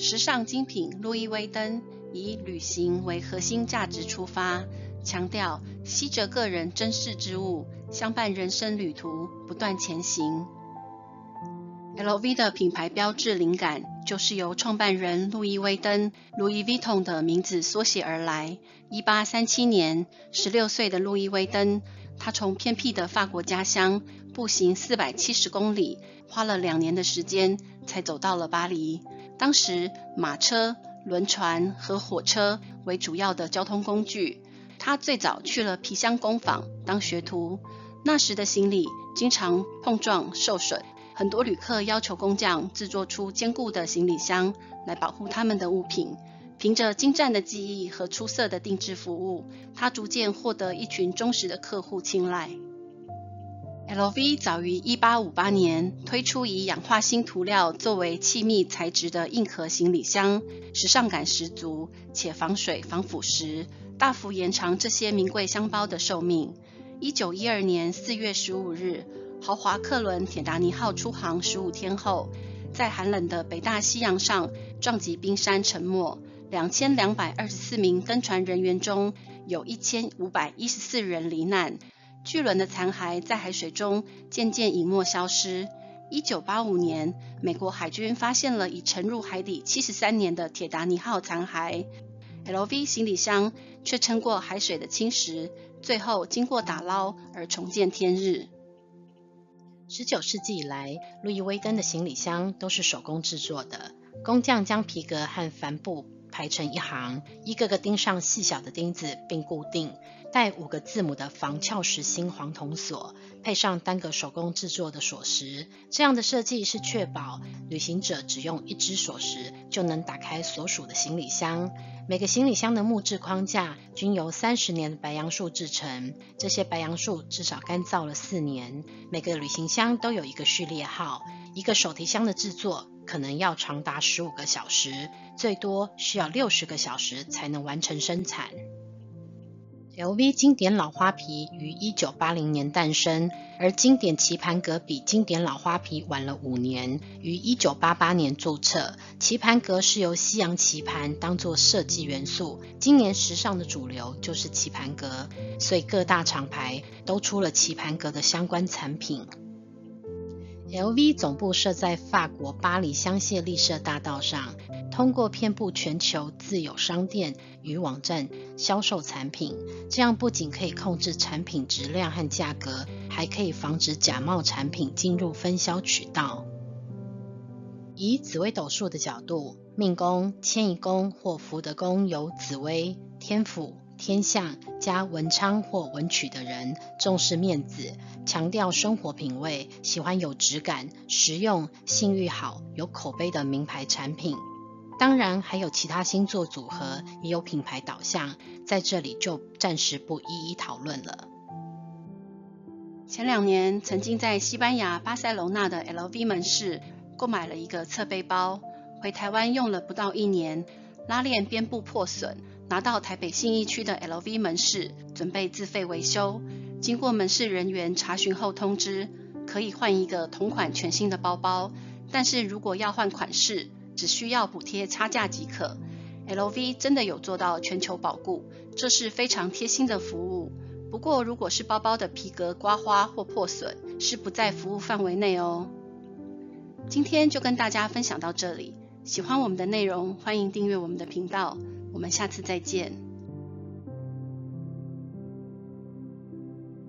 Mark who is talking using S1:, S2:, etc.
S1: 時尚精品路易威登，以旅行為核心價值出發，強調吸着個人珍視之物，相伴人生旅途不斷前行。LV 的品牌標誌靈感就是由創辦人路易威登路易威 i v 的名字縮寫而來。一八三七年，十六歲的路易威登。他從偏僻的法國家鄉步行四百七十公里，花了兩年的時間才走到了巴黎。當時，馬車、輪船和火車為主要的交通工具。他最早去了皮箱工坊當學徒，那時的行李經常碰撞受損。很多旅客要求工匠製作出堅固的行李箱來保護他們的物品。憑着精湛的技藝和出色的定制服務，他逐漸獲得一群忠實的客戶青睞。LV 早於一八五八年推出以氧化鋅塗料作為氣密材質的硬殼行李箱，時尚感十足且防水防腐蝕，大幅延長這些名貴箱包的壽命。一九一二年四月十五日，豪華客輪鐵達尼號出航十五天後，在寒冷的北大西洋上撞擊冰山沉沒。兩千兩百二十四名登船人員中有一千五百一十四人罹難。巨輪的殘骸在海水中漸漸隱沒消失。一九八五年，美國海軍發現了已沉入海底七十三年的鐵達尼號殘骸。LV 行李箱卻撐過海水的侵蝕，
S2: 最後經過打撈而重見天日。十九世紀以來，路易威登的行李箱都是手工製作的，工匠將皮革和帆布。排成一行，一個個釘上細小的釘子並固定，帶五個字母的防撬實心黃銅鎖，配上單個手工製作的鎖匙。這樣的設計是確保旅行者只用一隻鎖匙就能打開所屬的行李箱。每個行李箱的木質框架均由三十年的白楊樹製成，這些白楊樹至少乾燥了四年。每個旅行箱都有一個序列號。一個手提箱的製作。可能要長達十五個小時，最多需要六十個小時才能完成生產。LV 經典老花皮於一九八零年誕生，而經典棋盤格比經典老花皮晚了五年，於一九八八年註冊。棋盤格是由西洋棋盤當做設計元素，今年時尚的主流就是棋盤格，所以各大廠牌都出了棋盤格的相關產品。LV 總部設在法國巴黎香榭麗舍大道上，通過遍佈全球自有商店與網站銷售產品。這樣不僅可以控制產品質量和價格，還可以防止假冒產品進入分銷渠道。以紫微斗數的角度，命宮、遷移宮或福德宮有紫微、天府。天象加文昌或文曲的人，重視面子，強調生活品味，喜歡有質感、實用、信譽好、有口碑的名牌產品。當然，還有其他星座組合也有品牌導向，在這裡就暫時不一一討論了。
S1: 前兩年曾經在西班牙巴塞羅那的 LV 門市購買了一個側背包，回台灣用了不到一年，拉鏈邊部破損。拿到台北信義區的 LV 門市，準備自費維修。經過門市人員查詢後，通知可以換一個同款全新的包包。但是如果要換款式，只需要補貼差價即可。LV 真的有做到全球保固，這是非常貼心的服務。不過，如果是包包的皮革刮花或破損，是不在服務範圍內哦。今天就跟大家分享到這裡。喜歡我們的內容，歡迎訂閱我們的頻道。我們下次再見。